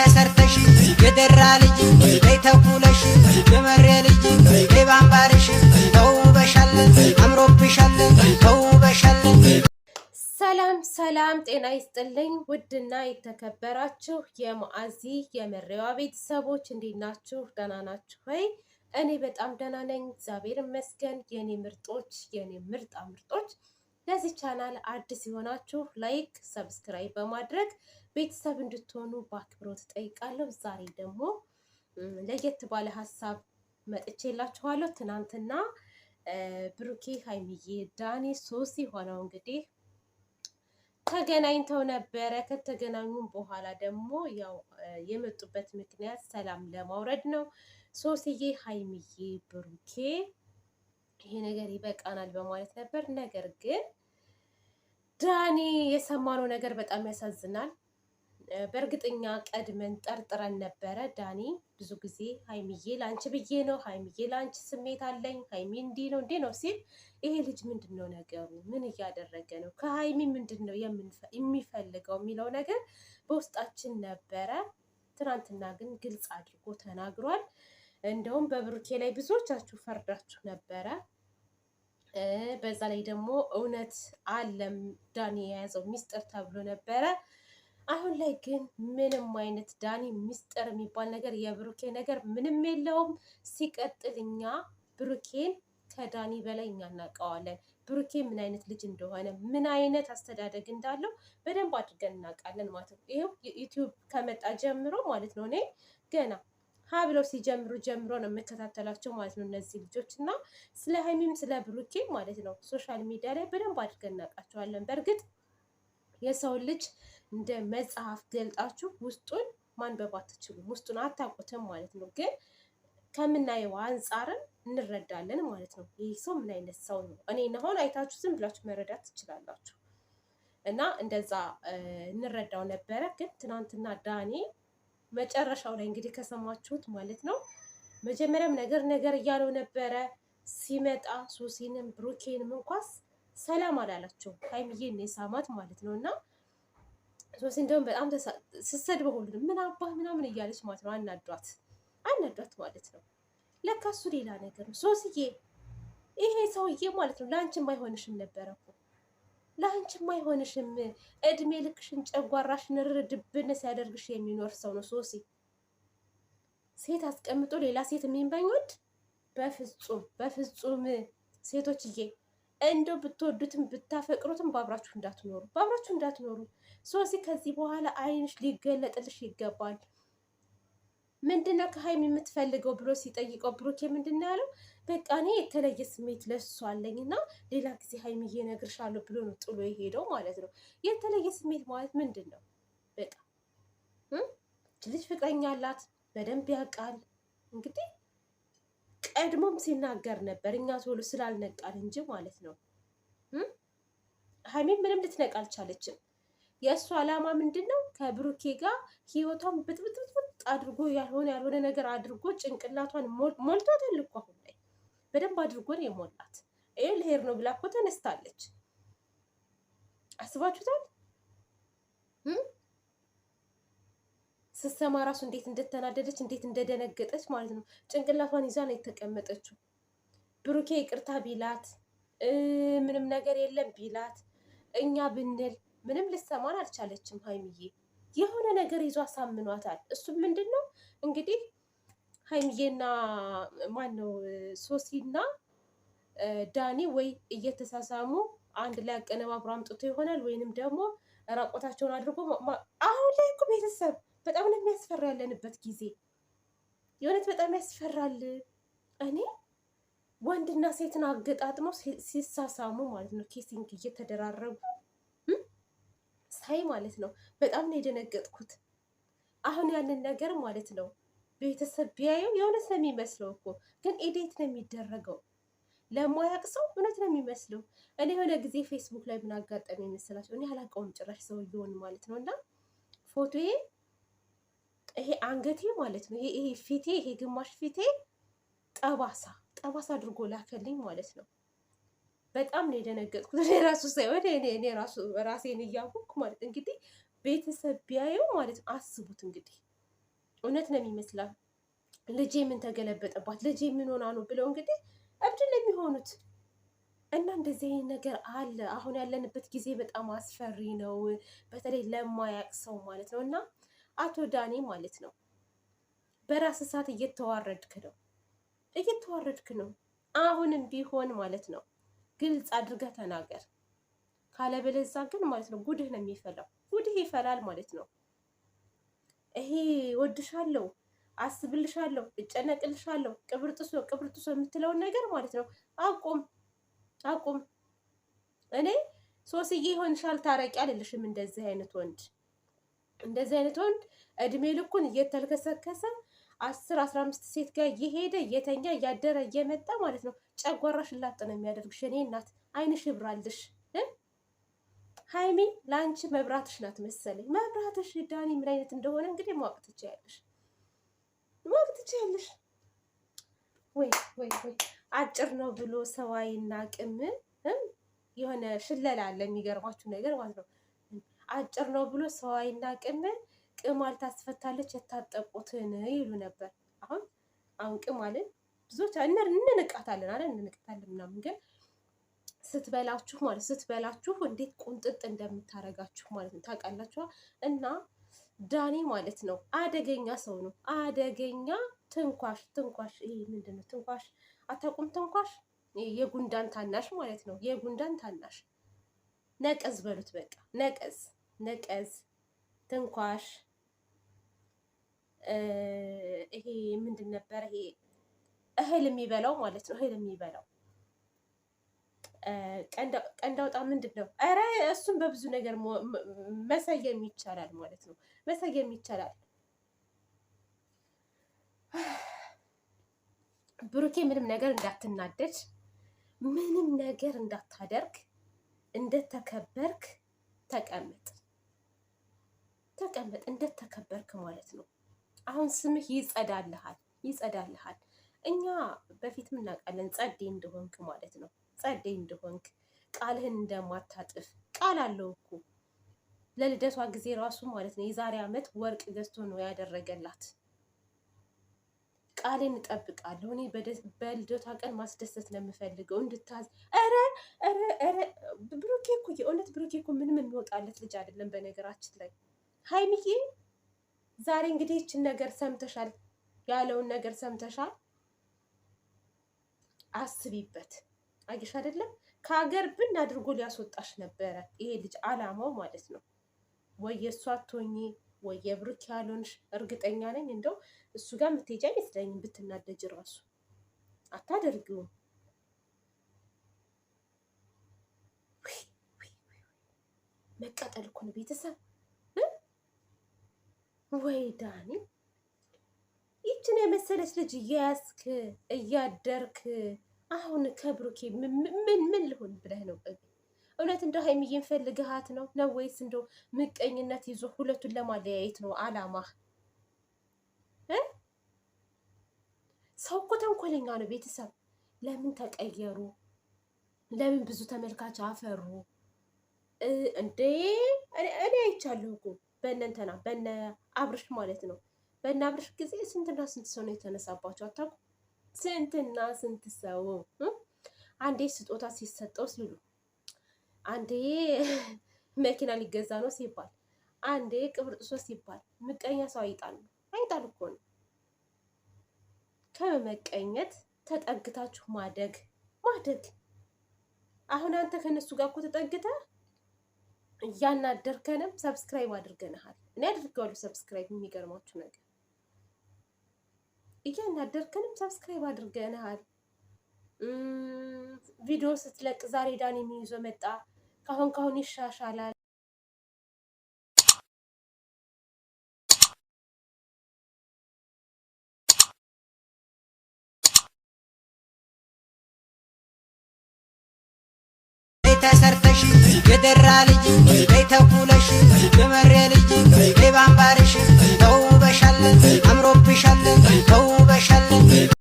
ተሰርተሽ የደራ ልጅ በይ የመሬ ልጅ በይ ባምባርሽ ተውበሻለን አምሮብሻለን ተውበሻለን። ሰላም ሰላም፣ ጤና ይስጥልኝ ውድና የተከበራችሁ የማአዚ የመሬዋ ቤተሰቦች እንዴት ናችሁ? ደህና ናችሁ ወይ? እኔ በጣም ደህና ነኝ፣ እግዚአብሔር ይመስገን። የኔ ምርጦች የኔ ምርጣ ምርጦች ለዚህ ቻናል አዲስ የሆናችሁ ላይክ፣ ሰብስክራይብ በማድረግ ቤተሰብ እንድትሆኑ በአክብሮት ጠይቃለሁ። ዛሬ ደግሞ ለየት ባለ ሀሳብ መጥቼላችኋለሁ። ትናንትና ብሩኬ፣ ሀይሚዬ፣ ዳኒ፣ ሶሲ ሆነው እንግዲህ ተገናኝተው ነበረ። ከተገናኙም በኋላ ደግሞ ያው የመጡበት ምክንያት ሰላም ለማውረድ ነው። ሶስዬ፣ ሀይሚዬ፣ ብሩኬ ይሄ ነገር ይበቃናል በማለት ነበር። ነገር ግን ዳኒ የሰማነው ነገር በጣም ያሳዝናል። በእርግጠኛ ቀድመን ጠርጥረን ነበረ። ዳኒ ብዙ ጊዜ ሀይሚዬ ለአንቺ ብዬ ነው፣ ሀይሚዬ ለአንቺ ስሜት አለኝ፣ ሀይሚ እንዲህ ነው እንዲህ ነው ሲል ይሄ ልጅ ምንድን ነው ነገሩ? ምን እያደረገ ነው? ከሀይሚ ምንድን ነው የሚፈልገው የሚለው ነገር በውስጣችን ነበረ። ትናንትና ግን ግልጽ አድርጎ ተናግሯል። እንደውም በብሩኬ ላይ ብዙዎቻችሁ ፈርዳችሁ ነበረ። በዛ ላይ ደግሞ እውነት አለም ዳኒ የያዘው ሚስጥር ተብሎ ነበረ። አሁን ላይ ግን ምንም አይነት ዳኒ ሚስጥር የሚባል ነገር የብሩኬ ነገር ምንም የለውም። ሲቀጥል እኛ ብሩኬን ከዳኒ በላይ እኛ እናውቀዋለን። ብሩኬ ምን አይነት ልጅ እንደሆነ ምን አይነት አስተዳደግ እንዳለው በደንብ አድርገን እናውቃለን ማለት ነው። ይኸው ዩቲዩብ ከመጣ ጀምሮ ማለት ነው እኔ ገና ሀ ብለው ሲጀምሩ ጀምሮ ነው የምከታተላቸው ማለት ነው እነዚህ ልጆች እና ስለ ሀይሚም ስለ ብሩኬ ማለት ነው ሶሻል ሚዲያ ላይ በደንብ አድርገን እናውቃቸዋለን። በእርግጥ የሰው ልጅ እንደ መጽሐፍ ገልጣችሁ ውስጡን ማንበብ አትችሉም፣ ውስጡን አታውቁትም ማለት ነው። ግን ከምናየው አንጻርን እንረዳለን ማለት ነው። ይህ ሰው ምን አይነት ሰው ነው? እኔ አሁን አይታችሁ ዝም ብላችሁ መረዳት ትችላላችሁ። እና እንደዛ እንረዳው ነበረ። ግን ትናንትና ዳኔ መጨረሻው ላይ እንግዲህ ከሰማችሁት ማለት ነው። መጀመሪያም ነገር ነገር እያለው ነበረ። ሲመጣ ሶሲንም ብሩኬንም እንኳስ ሰላም አላላቸው ሀይሚዬን የሳማት ማለት ነው። እና ሶሲ እንደውም በጣም ስሰድበ ሁሉንም ምን አባህ ምናምን እያለች ማለት ነው። አናዷት አናዷት ማለት ነው። ለካ እሱ ሌላ ነገር ነው። ሶሲዬ ይሄ ሰውዬ ማለት ነው ለአንቺም አይሆንሽም ነበረ እኮ ለአንቺማ አይሆንሽም። እድሜ ልክሽን ጨጓራሽ ንርር ድብን ሲያደርግሽ የሚኖር ሰው ነው ሶሲ። ሴት አስቀምጦ ሌላ ሴት የሚንበኝ ወድ በፍጹም በፍጹም። ሴቶችዬ እንደው ብትወዱትም ብታፈቅሩትም ባብራችሁ እንዳትኖሩ ባብራችሁ እንዳትኖሩ። ሶሲ ከዚህ በኋላ አይንሽ ሊገለጥልሽ ይገባል። ምንድነው ከሀይሚ የምትፈልገው ብሎ ሲጠይቀው ብሩኬ ምንድነው ያለው? በቃ እኔ የተለየ ስሜት ለሱ አለኝ እና ሌላ ጊዜ ሀይሚዬ እነግርሻለሁ ብሎ ነው ጥሎ የሄደው ማለት ነው። የተለየ ስሜት ማለት ምንድን ነው? በቃ ልጅ ፍቅረኛ አላት፣ በደንብ ያውቃል። እንግዲህ ቀድሞም ሲናገር ነበር፣ እኛ ቶሎ ስላልነቃል እንጂ ማለት ነው። ሀይሚም ምንም ልትነቃ አልቻለችም። የእሱ ዓላማ ምንድን ነው? ከብሩኬ ጋር ህይወቷን ብጥብጥብጥ አድርጎ ያልሆነ ያልሆነ ነገር አድርጎ ጭንቅላቷን ሞልቶታል እኮ አሁን ላይ በደንብ አድርጎ ነው የሞላት። ይሄ ልሄድ ነው ብላ እኮ ተነስታለች። አስባችሁታል? ስትሰማ ራሱ እንዴት እንደተናደደች እንዴት እንደደነገጠች ማለት ነው። ጭንቅላቷን ይዛ ነው የተቀመጠችው። ብሩኬ ይቅርታ ቢላት ምንም ነገር የለም ቢላት እኛ ብንል ምንም ልሰማን አልቻለችም ሀይሚዬ የሆነ ነገር ይዞ አሳምኗታል። እሱም ምንድን ነው እንግዲህ ሀይሚዬና ማን ነው ሶሲና ዳኒ ወይ እየተሳሳሙ አንድ ላይ አቀነባብሮ አምጥቶ ይሆናል ወይንም ደግሞ ራቆታቸውን አድርጎ አሁን ላይ እኮ ቤተሰብ በጣም ነው የሚያስፈራ ያለንበት ጊዜ የእውነት በጣም ያስፈራል። እኔ ወንድና ሴትን አገጣጥመው ሲሳሳሙ ማለት ነው ኬሲንግ እየተደራረጉ ሳይ ማለት ነው በጣም ነው የደነገጥኩት። አሁን ያንን ነገር ማለት ነው ቤተሰብ ቢያየው የእውነት ነው የሚመስለው እኮ ግን ኤዴት ነው የሚደረገው። ለማያቅ ሰው እውነት ነው የሚመስለው። እኔ የሆነ ጊዜ ፌስቡክ ላይ ምን አጋጠመኝ የመሰላቸው እኔ አላውቀውም ጭራሽ ሰውየውን ማለት ነው እና ፎቶዬ ይሄ አንገቴ ማለት ነው ይሄ ፊቴ ይሄ ግማሽ ፊቴ ጠባሳ ጠባሳ አድርጎ ላከልኝ ማለት ነው። በጣም ነው የደነገጥኩት። እኔ ራሱ ሳይሆን እኔ ራሱ ራሴን እያወቅኩ ማለት እንግዲህ ቤተሰብ ቢያየው ማለት አስቡት እንግዲህ እውነት ነው የሚመስላል። ልጄ ምን ተገለበጠባት፣ ልጄ ምን ሆና ነው ብለው እንግዲህ እብድ ነው የሚሆኑት። እና እንደዚህ አይነት ነገር አለ። አሁን ያለንበት ጊዜ በጣም አስፈሪ ነው፣ በተለይ ለማያቅ ሰው ማለት ነው። እና አቶ ዳኔ ማለት ነው በራስ እሳት እየተዋረድክ ነው፣ እየተዋረድክ ነው አሁንም ቢሆን ማለት ነው ግልጽ አድርገህ ተናገር። ካለበለዛ ግን ማለት ነው ጉድህ ነው የሚፈላው። ጉድህ ይፈላል ማለት ነው። ይሄ ወድሻለሁ፣ አስብልሻለሁ፣ እጨነቅልሻለሁ፣ ቅብርጥሶ ቅብርጥሶ የምትለውን ነገር ማለት ነው አቁም፣ አቁም። እኔ ሶስዬ ይሆንሻል ታረቂ አልልሽም። እንደዚህ አይነት ወንድ እንደዚህ አይነት ወንድ እድሜ ልኩን እየተልከሰከሰ አስር አስራ አምስት ሴት ጋር እየሄደ የተኛ እያደረ እየመጣ ማለት ነው። ጨጓራሽ ላጥ ነው የሚያደርግሽ። እኔ እናት አይንሽ ይብራልሽ። ሀይሚ ለአንቺ መብራትሽ ናት መሰለኝ። መብራትሽ ዳኒ ምን አይነት እንደሆነ እንግዲህ ማወቅ ትችያለሽ፣ ማወቅ ትችያለሽ። ወይ ወይ ወይ አጭር ነው ብሎ ሰው አይናቅም። የሆነ ሽለላ አለ የሚገርማችሁ ነገር ማለት ነው። አጭር ነው ብሎ ሰው አይናቅም። ቅማል ታስፈታለች የታጠቁትን ይሉ ነበር። አሁን አሁን ቅማልን ብዙዎች እንንቃታለን አለ እንንቃታለን ምናምን ግን ስትበላችሁ ማለት ስትበላችሁ እንዴት ቁንጥጥ እንደምታረጋችሁ ማለት ነው ታውቃላችኋ። እና ዳኒ ማለት ነው አደገኛ ሰው ነው። አደገኛ ትንኳሽ ትንኳሽ ይሄ ምንድን ነው ትንኳሽ አታውቁም? ትንኳሽ የጉንዳን ታናሽ ማለት ነው። የጉንዳን ታናሽ ነቀዝ በሉት በቃ ነቀዝ ነቀዝ ትንኳሽ ይሄ ምንድን ነበር ይሄ እህል የሚበላው ማለት ነው። እህል የሚበላው ቀንድ አውጣ ምንድን ነው? ኧረ እሱን በብዙ ነገር መሰየም ይቻላል ማለት ነው። መሰየም ይቻላል። ብሩኬ ምንም ነገር እንዳትናደድ፣ ምንም ነገር እንዳታደርግ፣ እንደተከበርክ ተቀመጥ፣ ተቀመጥ እንደተከበርክ ማለት ነው። አሁን ስምህ ይጸዳልሃል ይጸዳልሃል። እኛ በፊት እናውቃለን ጸዴ እንደሆንክ ማለት ነው። ጸዴ እንደሆንክ ቃልህን እንደማታጥፍ ቃል አለው እኮ ለልደቷ ጊዜ ራሱ ማለት ነው የዛሬ ዓመት ወርቅ ገዝቶ ነው ያደረገላት። ቃሌን እጠብቃለሁ እኔ በልደቷ ቀን ማስደሰት ነው የምፈልገው እንድታዝ ኧረ ኧረ ኧረ ብሩኬ እኮ የእውነት ብሩኬ እኮ ምንም የሚወጣለት ልጅ አይደለም። በነገራችን ላይ ሀይሚዬ ዛሬ እንግዲህ ይችን ነገር ሰምተሻል ያለውን ነገር ሰምተሻል። አስቢበት። አየሽ አይደለም ከሀገር ብን አድርጎ ሊያስወጣሽ ነበረ ይሄ ልጅ አላማው ማለት ነው። ወይ የእሷ አትሆኚ ወይ የብሩክ ያልሆንሽ እርግጠኛ ነኝ። እንደው እሱ ጋር የምትሄጂ አይመስለኝም። ብትናደጅ ራሱ አታደርጊውም። መቃጠል እኮ ነው ቤተሰብ ወይ ዳኒ ይችን የመሰለች ልጅ እያያስክ እያደርክ አሁን ከብሩኬ ምን ምን ልሆን ብለህ ነው? እውነት እንደው ሀይሚዬን ፈልግሃት ነው ነው ወይስ እንደው ምቀኝነት ይዞ ሁለቱን ለማለያየት ነው አላማህ? ሰው እኮ ተንኮለኛ ነው። ቤተሰብ ለምን ተቀየሩ? ለምን ብዙ ተመልካች አፈሩ እንዴ? እኔ አይቻለሁ እኮ በእነንተና በነ አብርሽ ማለት ነው። በነ አብርሽ ጊዜ ስንትና ስንት ሰው ነው የተነሳባቸው አታውቁ? ስንትና ስንት ሰው አንዴ ስጦታ ሲሰጠው ሲሉ፣ አንዴ መኪና ሊገዛ ነው ሲባል፣ አንዴ ቅብር ጥሶ ሲባል፣ ምቀኛ ሰው አይጣል አይጣል እኮ ነው። ከመቀኘት ተጠግታችሁ ማደግ ማደግ። አሁን አንተ ከነሱ ጋር እኮ ተጠግተህ እያናደርከንም ሰብስክራይብ አድርገንሃል። እኔ አድርጌዋለሁ ሰብስክራይብ። የሚገርማችሁ ነገር እያናደርከንም ሰብስክራይብ አድርገንሃል። ቪዲዮ ስትለቅ ዛሬ ዳን የሚይዞ መጣ፣ ካሁን ካሁን ይሻሻላል ተሰርተ የደራ ልጅ በይ ተኩለሽ የመሬ ልጅ በይ ባምባርሽ ተውበሻለን አምሮብሻለን ተውበሻለን